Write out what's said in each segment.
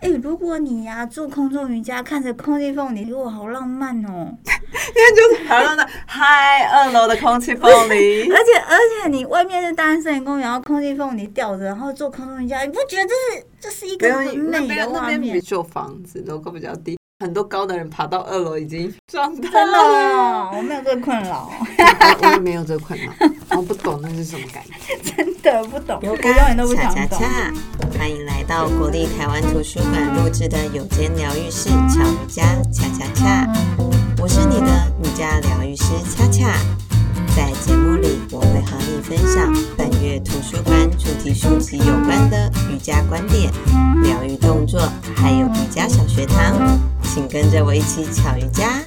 哎、欸，如果你呀、啊、做空中瑜伽，看着空氣鳳梨，如果好浪漫哦、喔！ 因為就是好浪的嗨，二 樓的空氣鳳梨， 而且而且你外面是單身公園，然後空氣鳳梨吊着，然後做空中瑜伽，你不覺得這是這是一個很美的畫面？那邊比舊房子都更比較低。很多高的人爬到二樓已經撞到了，我沒有這個困擾、 哎，我也沒有這個困擾，我、 啊、不懂那是什麼感覺， 真的不懂，有高人都不想懂。恰恰 歡迎來到國立台灣圖書館錄製的友間聊癒室，巧瑜伽恰恰恰，我是你的瑜伽療癒師恰恰。在節目裡，我會和你分享本月圖書館主題書籍有關的瑜伽觀點、療癒動作，還有瑜伽小學堂，請跟着我一起巧瑜伽。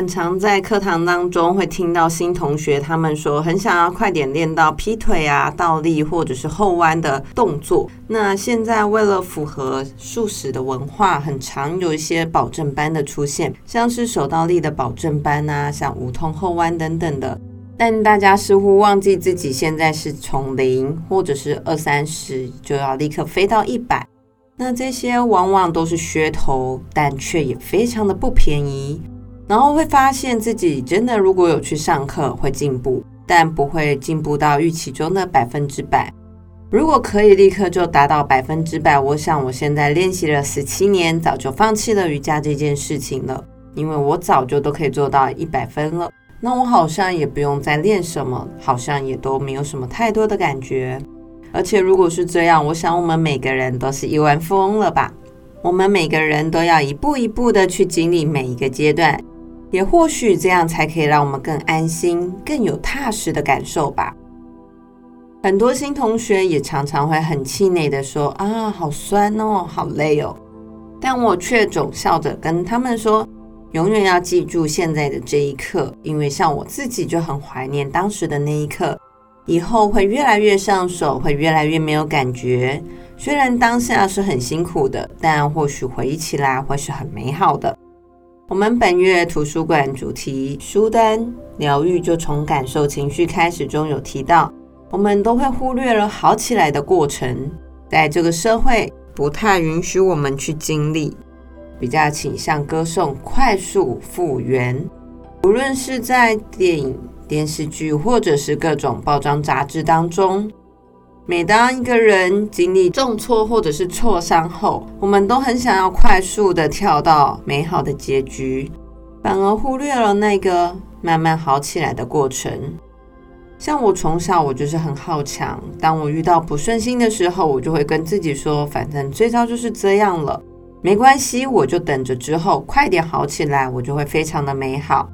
很常在課堂當中會聽到新同學他們說，很想要快點練到劈腿啊、倒立或者是後彎的動作。那現在為了符合速食的文化，很常有一些保證班的出現，像是手倒立的保證班啊、像無痛後彎等等的。但大家似乎忘記自己現在是從零或者是二三十，就要立刻飛到一百。那這些往往都是噱頭，但卻也非常的不便宜。然後會發現自己真的，如果有去上課，會進步，但不會進步到預期中的百分之百。如果可以立刻就達到百分之百，我想我現在練習了十七年，早就放棄了瑜伽這件事情了，因為我早就都可以做到一百分了。那我好像也不用再練什麼，好像也都沒有什麼太多的感覺。而且如果是這樣，我想我們每個人都是億萬富翁了吧？我們每個人都要一步一步的去經歷每一個階段。也或許這樣才可以讓我們更安心、更有踏實的感受吧。很多新同學也常常會很氣餒的說：“啊，好酸哦，好累哦。”但我卻總笑着跟他們說：“永遠要記住現在的這一刻，因為像我自己就很懷念當時的那一刻。以後會越來越上手，會越來越沒有感覺。雖然當下是很辛苦的，但或許回憶起來會是很美好的。”我們本月圖書館主題書單療癒，就從感受情緒開始，中有提到，我們都會忽略了好起來的過程，在這個社會不太允許我們去經歷，比較傾向歌頌快速復原。無論是在電影、電視劇，或者是各種報章雜誌當中。每當一個人經歷重挫或者是挫傷後，我們都很想要快速的跳到美好的結局，反而忽略了那個慢慢好起來的過程。像我從小我就是很好強，當我遇到不順心的時候，我就會跟自己說，反正最糟就是這樣了，沒關係，我就等着之後快點好起來，我就會非常的美好。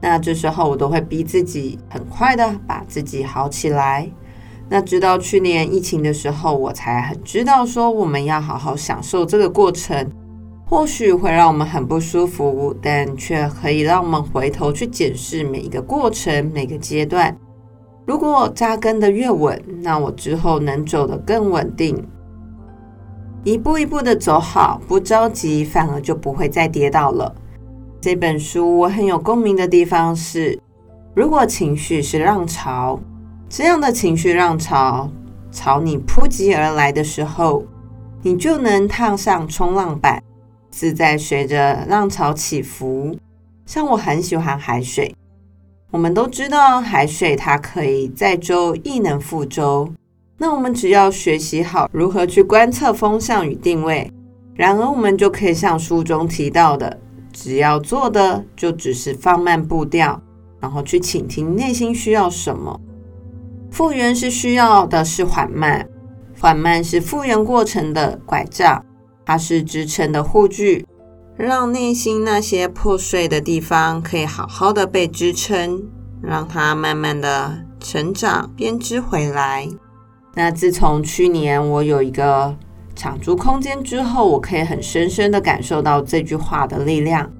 那這時候我都會逼自己很快的把自己好起來。那直到去年疫情的時候，我才很知道說，我們要好好享受這個過程，或許會讓我們很不舒服，但卻可以讓我們回頭去檢視每一個過程、每個階段。如果紮根得越穩，那我之後能走得更穩定，一步一步的走好，不着急，反而就不會再跌倒了。這本書我很有共鳴的地方是，如果情緒是浪潮。這樣的情緒浪潮朝你撲襲而來的時候，你就能踏上衝浪板，自在隨着浪潮起伏。像我很喜歡海水，我們都知道海水它可以載舟亦能覆舟。那我們只要學習好如何去觀測風向與定位，然而我們就可以像書中提到的，只要做的就只是放慢步調，然後去傾聽內心需要什麼。復原是需要的是緩慢，緩慢是復原過程的拐杖，它是支撐的護具，讓內心那些破碎的地方可以好好的被支撐，讓它慢慢的成長編織回來。那自從去年我有一個長足空間之後，我可以很深深的感受到這句話的力量，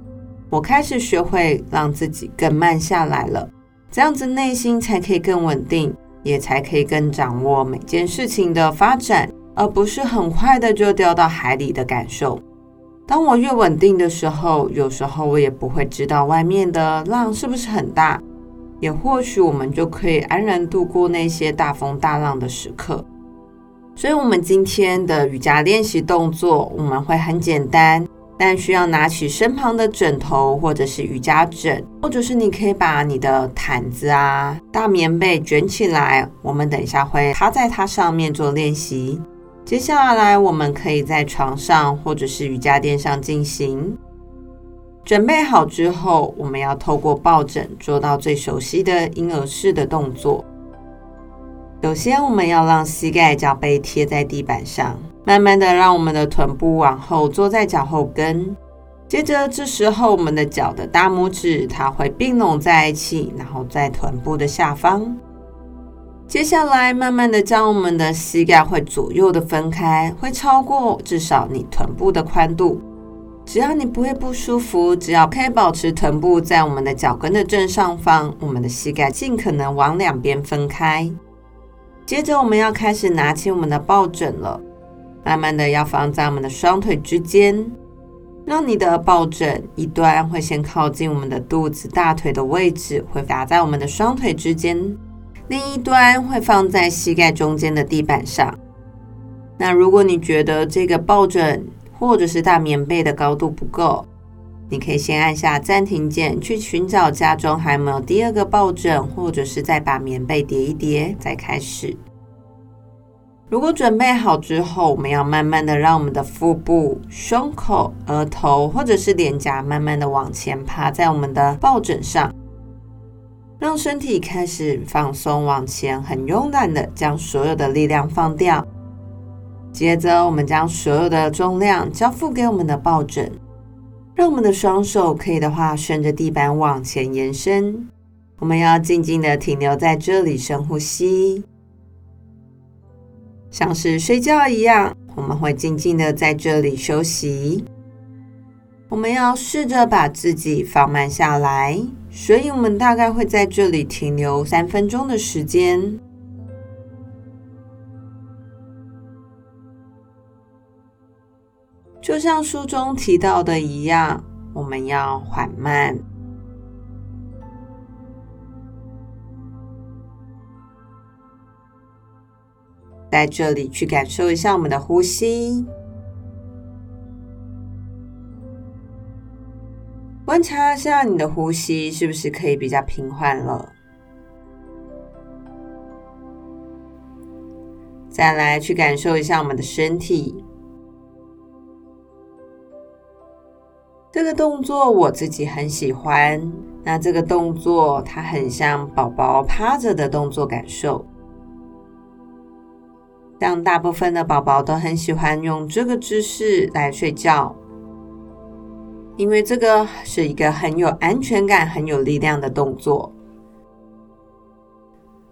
我開始學會讓自己更慢下來了，這樣子內心才可以更穩定。也才可以更掌握每件事情的發展，而不是很快的就掉到海裡的感受。當我越穩定的時候，有時候我也不會知道外面的浪是不是很大，也或許我們就可以安然度過那些大風大浪的時刻。所以，我們今天的瑜伽練習動作我們會很簡單。但需要拿起身旁的枕頭，或者是瑜伽枕，或者是你可以把你的毯子啊、大棉被捲起來。我們等一下會趴在它上面做練習。接下來我們可以在床上或者是瑜伽墊上進行。準備好之後，我們要透過抱枕做到最熟悉的嬰兒式的動作。首先，我們要讓膝蓋、腳背貼在地板上。慢慢的讓我們的臀部往後坐在腳後跟，接着這時候我們的腳的大拇指它會併攏在一起，然後在臀部的下方。接下來慢慢的將我們的膝蓋會左右的分開，會超過至少你臀部的寬度。只要你不會不舒服，只要可以保持臀部在我們的腳跟的正上方，我們的膝蓋儘可能往兩邊分開。接着我們要開始拿起我們的抱枕了。慢慢的，要放在我們的雙腿之間，讓你的抱枕一端會先靠近我們的肚子、大腿的位置，會打在我們的雙腿之間；另一端會放在膝蓋中間的地板上。那如果你覺得這個抱枕或者是大棉被的高度不夠，你可以先按下暫停鍵，去尋找家中還有沒有第二個抱枕，或者是再把棉被疊一疊，再開始。如果準備好之後，我們要慢慢的讓我們的腹部、胸口、額頭或者是臉頰慢慢的往前趴在我們的抱枕上，讓身體開始放鬆，往前很慵懶的將所有的力量放掉。接着，我們將所有的重量交付給我們的抱枕，讓我們的雙手可以的話，順着地板往前延伸。我們要靜靜的停留在這裡，深呼吸。像是睡覺一樣，我們會靜靜的在這裡休息。我們要試着把自己放慢下來，所以我們大概會在這裡停留三分鐘的時間。就像書中提到的一樣，我們要緩慢。在這裡去感受一下我們的呼吸，觀察一下你的呼吸是不是可以比較平緩了？再來去感受一下我們的身體，這個動作我自己很喜歡。那這個動作它很像寶寶趴着的動作感受。像大部分的寶寶都很喜歡用這個姿勢來睡覺，因為這個是一個很有安全感、很有力量的動作。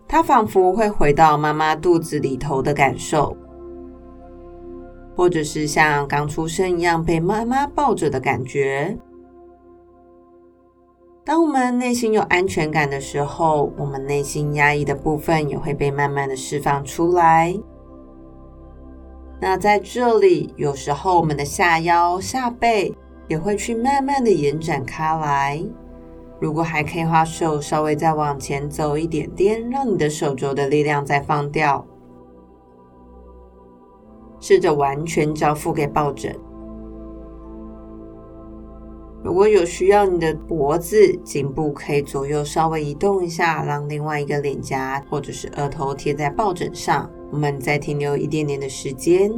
它仿佛會回到媽媽肚子裡頭的感受，或者是像剛出生一樣被媽媽抱着的感覺。當我們內心有安全感的時候，我們內心壓抑的部分也會被慢慢的釋放出來。那在這裡，有時候我們的下腰、下背也會去慢慢的延展開來。如果還可以話，手稍微再往前走一點點，讓你的手肘的力量再放掉，試着完全交付給抱枕。如果有需要，你的脖子、頸部可以左右稍微移動一下，讓另外一個臉頰或者是額頭貼在抱枕上。我們再停留一點點的時間，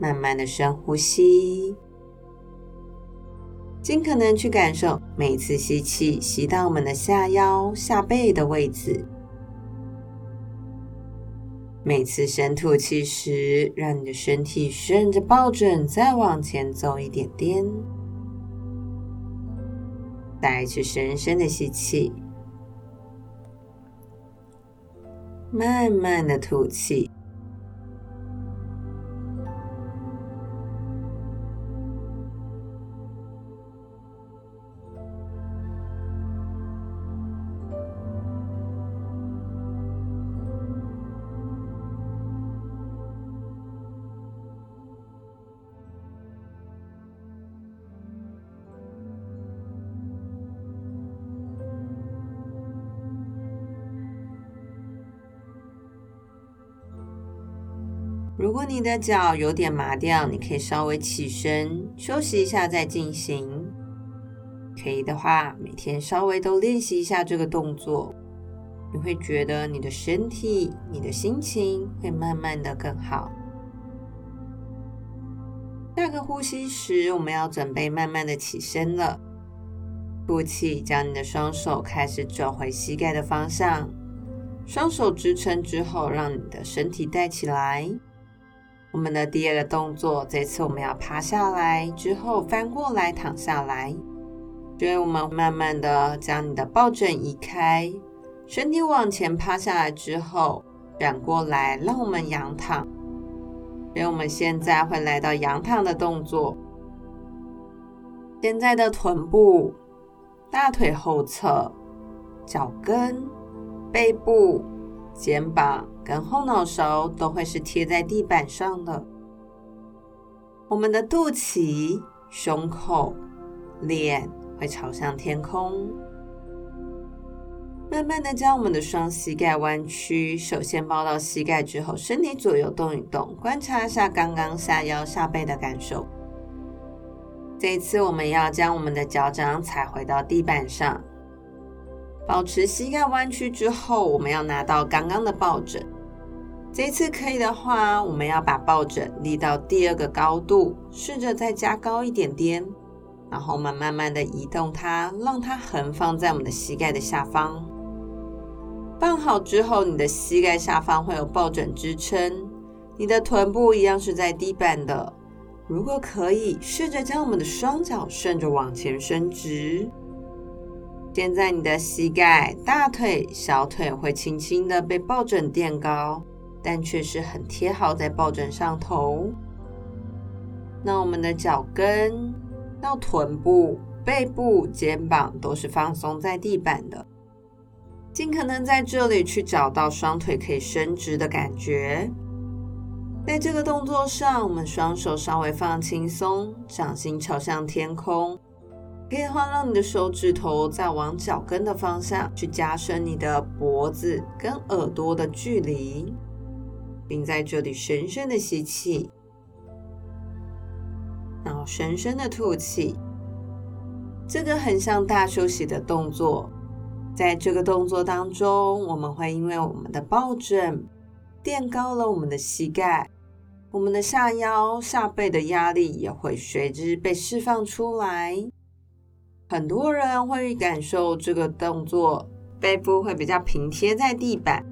慢慢的深呼吸，盡可能去感受每次吸氣吸到我們的下腰下背的位置，每次深吐氣時，讓你的身體順着抱枕再往前走一點點，帶去深深的吸氣。慢慢的吐氣。你的腳有點麻掉，你可以稍微起身休息一下再進行。可以的話，每天稍微都練習一下這個動作，你會覺得你的身體、你的心情會慢慢的更好。那個呼吸時，我們要準備慢慢的起身了。呼氣，將你的雙手開始轉回膝蓋的方向，雙手支撐之後，讓你的身體帶起來。我們的第二個動作，這次我們要趴下來，之後翻過來躺下來。所以我們慢慢的將你的抱枕移開，身體往前趴下來之後，轉過來，讓我們仰躺。所以我們現在會來到仰躺的動作。現在的臀部、大腿後側、腳跟、背部。肩膀跟後腦勺都會是貼在地板上的，我們的肚臍、胸口、臉會朝向天空。慢慢的將我們的雙膝蓋彎曲，首先抱到膝蓋之後，身體左右動一動，觀察一下剛剛下腰下背的感受。這一次我們要將我們的腳掌踩回到地板上。保持膝蓋彎曲之後，我們要拿到剛剛的抱枕。這次可以的話，我們要把抱枕立到第二個高度，試着再加高一點點，然後我們慢慢的移動它，讓它橫放在我們的膝蓋的下方。放好之後，你的膝蓋下方會有抱枕支撐，你的臀部一樣是在地板的。如果可以，試着將我們的雙腳順着往前伸直。現在你的膝蓋、大腿、小腿會輕輕的被抱枕墊高，但卻是很貼好在抱枕上頭。那我們的腳跟、到臀部、背部、肩膀，都是放鬆在地板的，盡可能在這裡去找到雙腿可以伸直的感覺。在這個動作上，我們雙手稍微放輕鬆，掌心朝向天空。可以換讓你的手指頭，再往腳跟的方向去加深你的脖子跟耳朵的距離，並在這裡深深的吸氣，然後深深的吐氣。這個很像大休息的動作。在這個動作當中，我們會因為我們的抱枕墊高了我們的膝蓋，我們的下腰下背的壓力也會隨之被釋放出來。很多人會感受這個動作，背部會比較平貼在地板。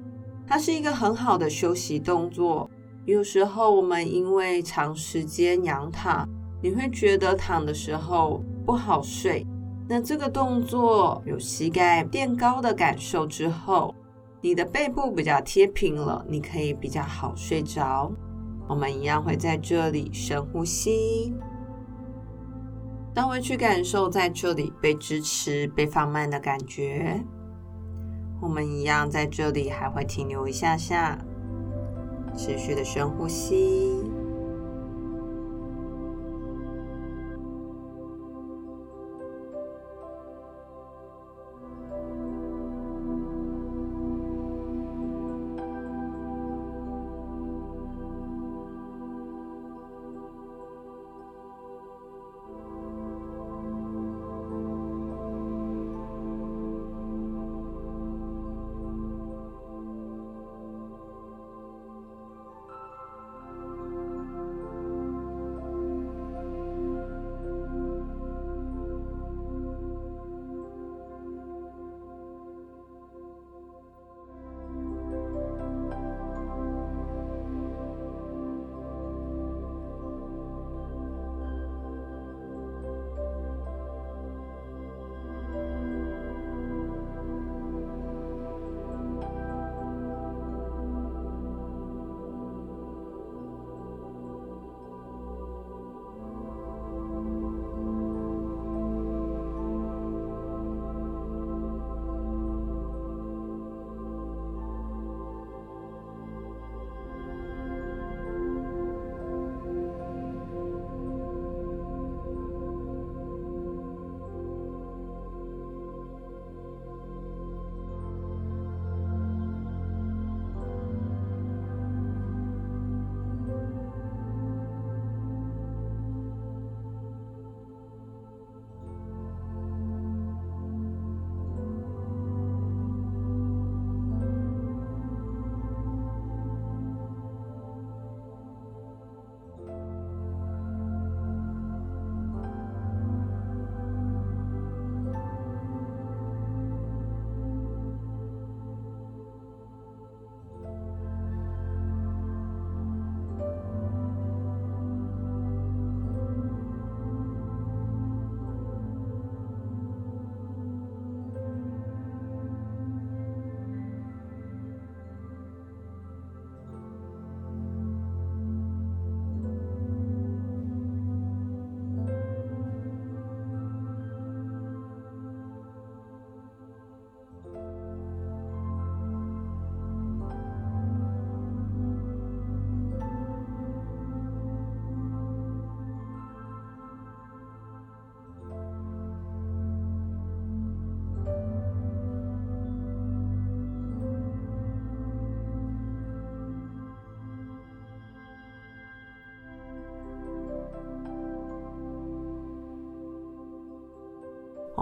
它是一個很好的休息動作。有時候我們因為長時間仰躺，你會覺得躺的時候不好睡。那這個動作有膝蓋墊高的感受之後，你的背部比較貼平了，你可以比較好睡着。我們一樣會在這裡深呼吸。當回去感受在這裡被支持、被放慢的感覺，我們一樣在這裡還會停留一下下，持續的深呼吸。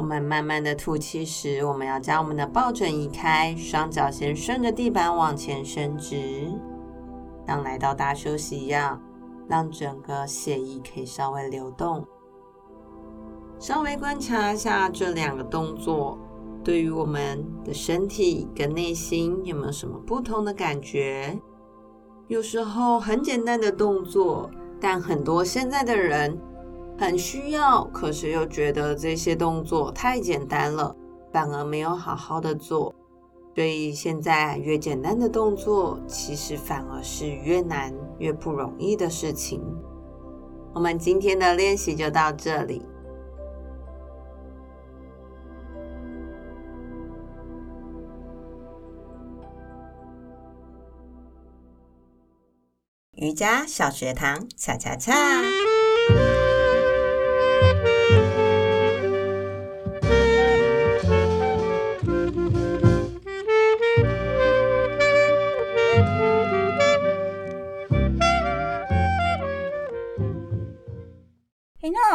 我們慢慢的吐氣時，我們要將我們的抱枕移開，雙腳先順着地板往前伸直。當來到大休息一樣，讓整個血液可以稍微流動。稍微觀察一下這兩個動作，對於我們的身體跟內心有沒有什麼不同的感覺？有時候很簡單的動作，但很多現在的人。很需要，可是又覺得這些動作太簡單了，反而沒有好好的做。所以現在越簡單的動作，其實反而是越難、越不容易的事情。我們今天的練習就到這裡。瑜伽小學堂，恰恰恰。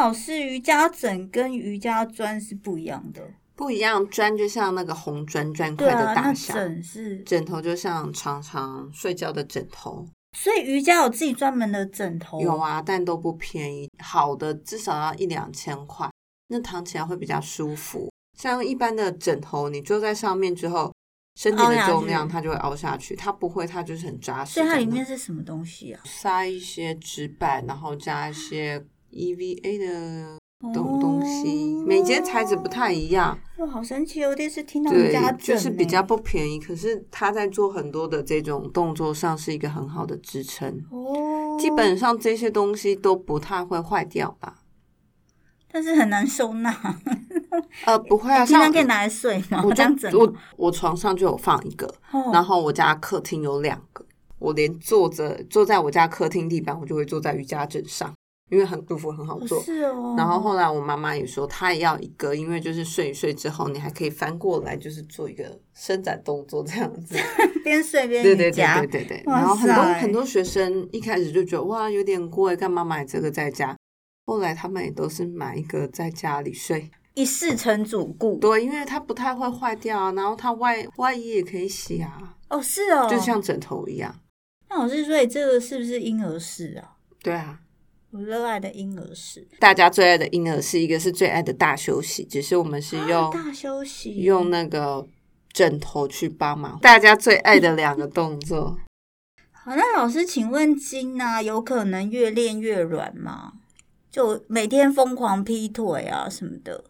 老師，瑜伽枕，枕跟瑜伽磚是不一樣的，不一樣。磚就像那個紅磚磚塊的大小，啊、那枕是枕頭，就像常常睡覺的枕頭。所以瑜伽有自己專門的枕頭，有啊，但都不便宜，好的至少要一兩千塊。那躺起來會比較舒服。像一般的枕頭，你坐在上面之後，身體的重量它就會凹下去，它不會，它就是很扎實。所以它裡面是什麼東西啊？塞一些紙板，然後加一些。EVA 的東東西，每間材質不太一樣。哇，好神奇！有點是聽到瑜伽枕。對，就是比較不便宜，可是它在做很多的這種動作上是一個很好的支撐。哦。基本上這些東西都不太會壞掉吧？但是很難收納。呃，不會啊，經常給拿來睡。我這樣子，我我床上就有放一個，然後我家客廳有兩個。我連坐着坐在我家客廳地板，我就會坐在瑜伽枕上。因為很舒服，很好做。哦，是哦。然後後來我媽媽也說，她也要一個，因為就是睡一睡之後，你還可以翻過來，就是做一個伸展動作，這樣子。邊睡邊瑜伽。對對對對對，對，對，對，然後很多很多學生一開始就覺得哇，有點貴，幹嘛買這個在家？後來他們也都是買一個在家裡睡。一試成主顧。對，因為它不太會壞掉啊，然後它外外衣也可以洗啊。哦，是哦。就像枕頭一樣。那老師說，這個是不是嬰兒式啊？對啊。我熱愛的嬰兒式，大家最愛的嬰兒式，一個是最愛的大休息，只是我們是用、啊、大休息用那個枕頭去幫忙。大家最愛的兩個動作。 好，那老師，請問筋呢、啊、有可能越練越軟嗎？就每天瘋狂劈腿啊什麼的？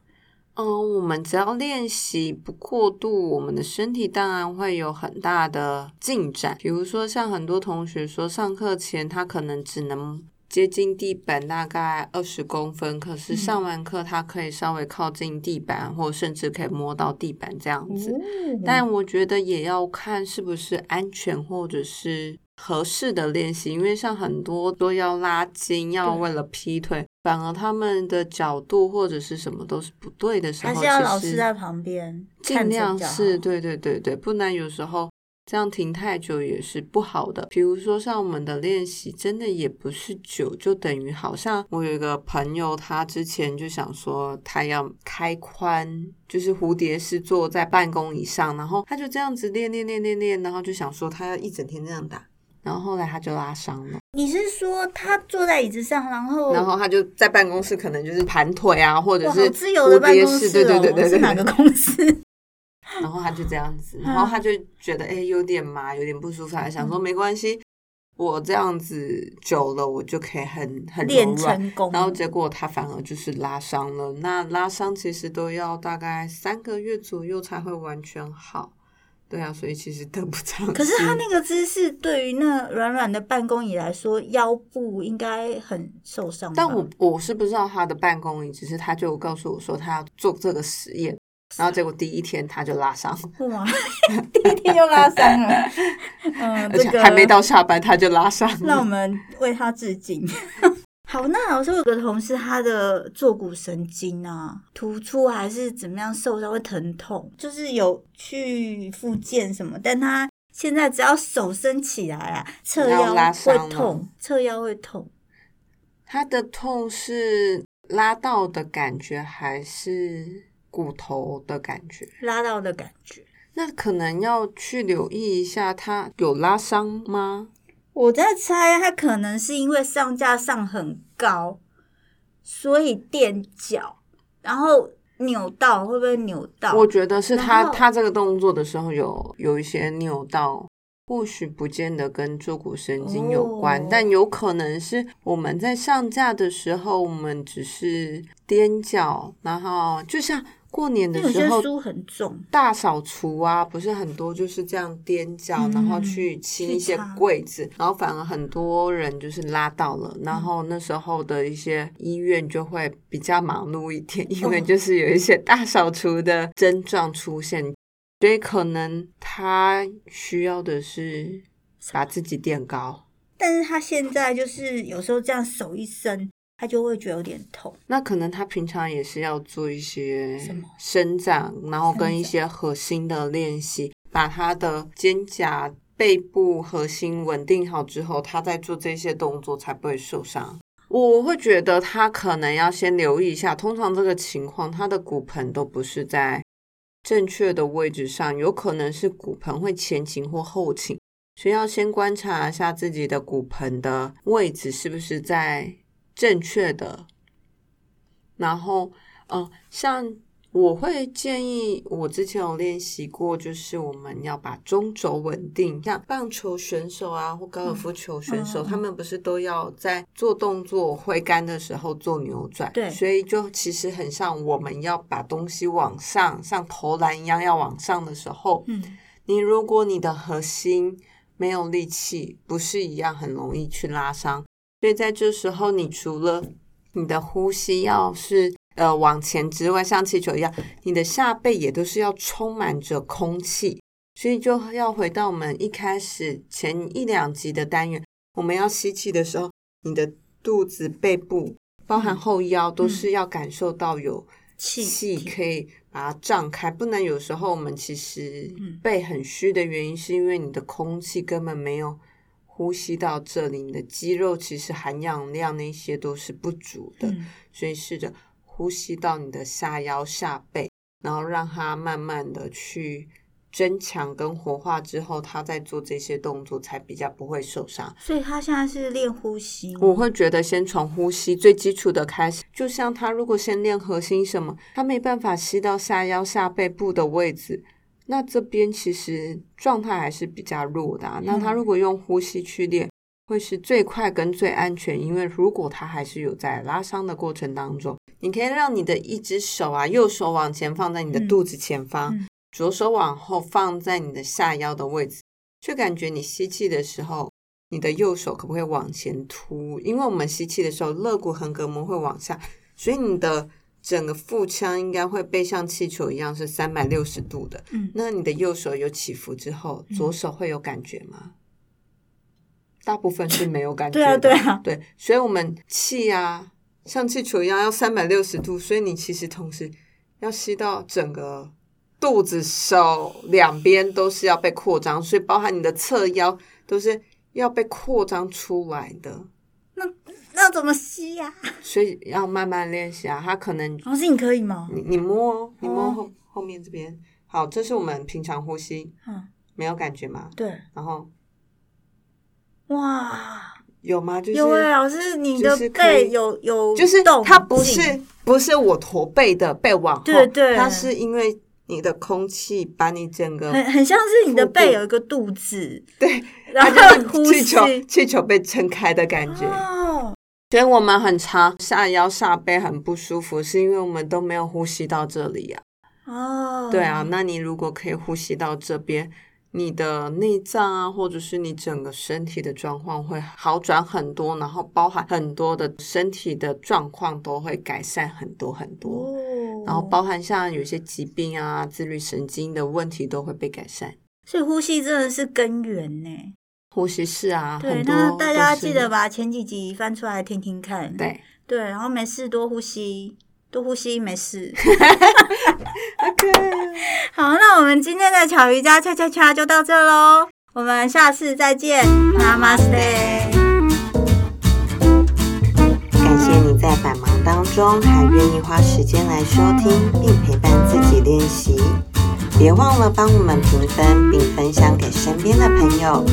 嗯、呃，我們只要練習不過度，我們的身體當然會有很大的進展。比如說，像很多同學說，上課前他可能只能。接近地板大概二十公分，可是上完課他可以稍微靠近地板，嗯，或甚至可以摸到地板這樣子，嗯嗯。但我覺得也要看是不是安全或者是合適的練習，因為像很多都要拉筋，要為了劈腿，反而他們的角度或者是什麼都是不對的時候，還是要老師在旁邊盡量是對對對對，不然有時候。這樣停太久也是不好的。比如說，像我們的練習，真的也不是久就等於好。像我有一個朋友，他之前就想說他要開髖，就是蝴蝶式坐在辦公椅上，然後他就這樣子練練練練練，然後就想說他要一整天這樣打，然後後來他就拉傷了。你是說他坐在椅子上，然後然後他就在辦公室，可能就是盤腿啊，或者是好自由的辦公室，對對對對，對，對，是哪個公司？ 然後他就這樣子，然後他就覺得哎、欸、有點麻，有點不舒服，還想說、嗯、沒關係，我這樣子久了我就可以很很練成功。然後結果他反而就是拉傷了。那拉傷其實都要大概三個月左右才會完全好。對啊，所以其實得不償失。可是他那個姿勢對於那軟軟的辦公椅來說，腰部應該很受傷。但我我是不知道他的辦公椅，只是他就告訴我說他要做這個實驗。然後結果第一天他就拉傷了，哇，第一天又拉傷了， 嗯，這個、而且還沒到下班他就拉傷了。那我們為他致敬。 好，那我有個同事，他的坐骨神經啊突出還是怎麼樣受傷會疼痛，就是有去復健什麼，但他現在只要手伸起來啊，側腰會痛，側腰會痛。他的痛是拉到的感覺還是？骨頭的感覺，拉到的感覺，那可能要去留意一下，他有拉傷嗎？我在猜，他可能是因為上架上很高，所以墊腳，然後扭到，會不會扭到？我覺得是他，他這個動作的時候有有一些扭到，或許不見得跟坐骨神經有關，哦，但有可能是我們在上架的時候，我們只是踮腳，然後就像。過年的時候，大掃除啊，不是很多，就是這樣踮腳、嗯，然後去清一些櫃子，然後反而很多人就是拉到了，然後那時候的一些醫院就會比較忙碌一點，嗯、因為就是有一些大掃除的症狀出現，所以可能他需要的是把自己墊高，但是他現在就是有時候這樣手一伸。他就會覺得有點痛，那可能他平常也是要做一些什麼伸展，然後跟一些核心的練習，把他的肩胛、背部核心穩定好之後，他再做這些動作才不會受傷。我會覺得他可能要先留意一下，通常這個情況，他的骨盆都不是在正確的位置上，有可能是骨盆會前傾或後傾，所以要先觀察一下自己的骨盆的位置是不是在。正確的，然後嗯，像我會建議，我之前有練習過，就是我們要把中軸穩定，像棒球選手啊或高爾夫球選手，嗯，他們不是都要在做動作揮桿的時候做扭轉？對，所以就其實很像我們要把東西往上，像投籃一樣要往上的時候，嗯，你如果你的核心沒有力氣，不是一樣很容易去拉傷？所以在這時候，你除了你的呼吸要是呃往前之外，像氣球一樣，你的下背也都是要充滿着空氣。所以就要回到我們一開始前一兩集的單元，我們要吸氣的時候，你的肚子、背部，包含後腰，都是要感受到有氣可以把它脹開。不能有時候我們其實背很虛的原因，是因為你的空氣根本沒有。呼吸到這裡，你的肌肉其實含氧量那些都是不足的，嗯、所以試着呼吸到你的下腰下背，然後讓它慢慢的去增強跟活化，之後它再做這些動作才比較不會受傷。所以他現在是練呼吸，我會覺得先從呼吸最基礎的開始。就像他如果先練核心什麼，他沒辦法吸到下腰下背部的位置。那這邊其實狀態還是比較弱的啊，嗯。那他如果用呼吸去練，會是最快跟最安全。因為如果他還是有在拉傷的過程當中，你可以讓你的一隻手啊，右手往前放在你的肚子前方，嗯，左手往後放在你的下腰的位置，就感覺你吸氣的時候，你的右手可不可以往前凸？因為我們吸氣的時候，肋骨橫膈膜會往下，所以你的。整個腹腔應該會被像氣球一樣是三百六十度的。嗯，那你的右手有起伏之後，嗯，左手會有感覺嗎？大部分是沒有感覺的。 對啊，對啊。對，所以我們氣啊，像氣球一樣要三百六十度，所以你其實同時要吸到整個肚子、手兩邊都是要被擴張，所以包含你的側腰都是要被擴張出來的。那那怎麼吸呀、啊？所以要慢慢練習啊，他可能。老、哦、師，你可以嗎？你你摸、哦，你摸後、嗯、後面這邊。好，這是我們平常呼吸。嗯。沒有感覺嗎？對。然後。哇。有嗎？就是、欸、老師、就是，你的背有有動，就是它不是不，不是我駝背的背往後，對對，對，它是因為。你的空氣把你整個很很像是你的背有一個肚子，對，然後氣球氣球被撐開的感覺。Oh. 所以我們很常下腰下背很不舒服，是因為我們都沒有呼吸到這裡呀、啊。哦、oh.，對啊，那你如果可以呼吸到這邊。你的內臟啊，或者是你整個身體的狀況會好轉很多，然後包含很多的身體的狀況都會改善很多很多，哦、然後包含像有些疾病啊、自律神經的問題都會被改善。所以呼吸真的是根源呢？呼吸是啊，對，很多，那大家記得把前幾集翻出來聽聽看。對對，然後沒事多呼吸。多呼吸。沒事 okay。OK，好，那我們今天的巧瑜伽恰恰恰就到這嘍，我們下次再見，Namaste。感謝你在百忙當中還願意花時間來收聽並陪伴自己練習，別忘了幫我們評分並分享給身邊的朋友，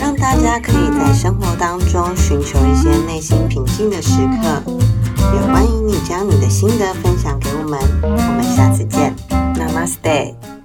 讓大家可以在生活當中尋求一些內心平靜的時刻。也歡迎你將你的心得分享給我們，我們下次見，Namaste。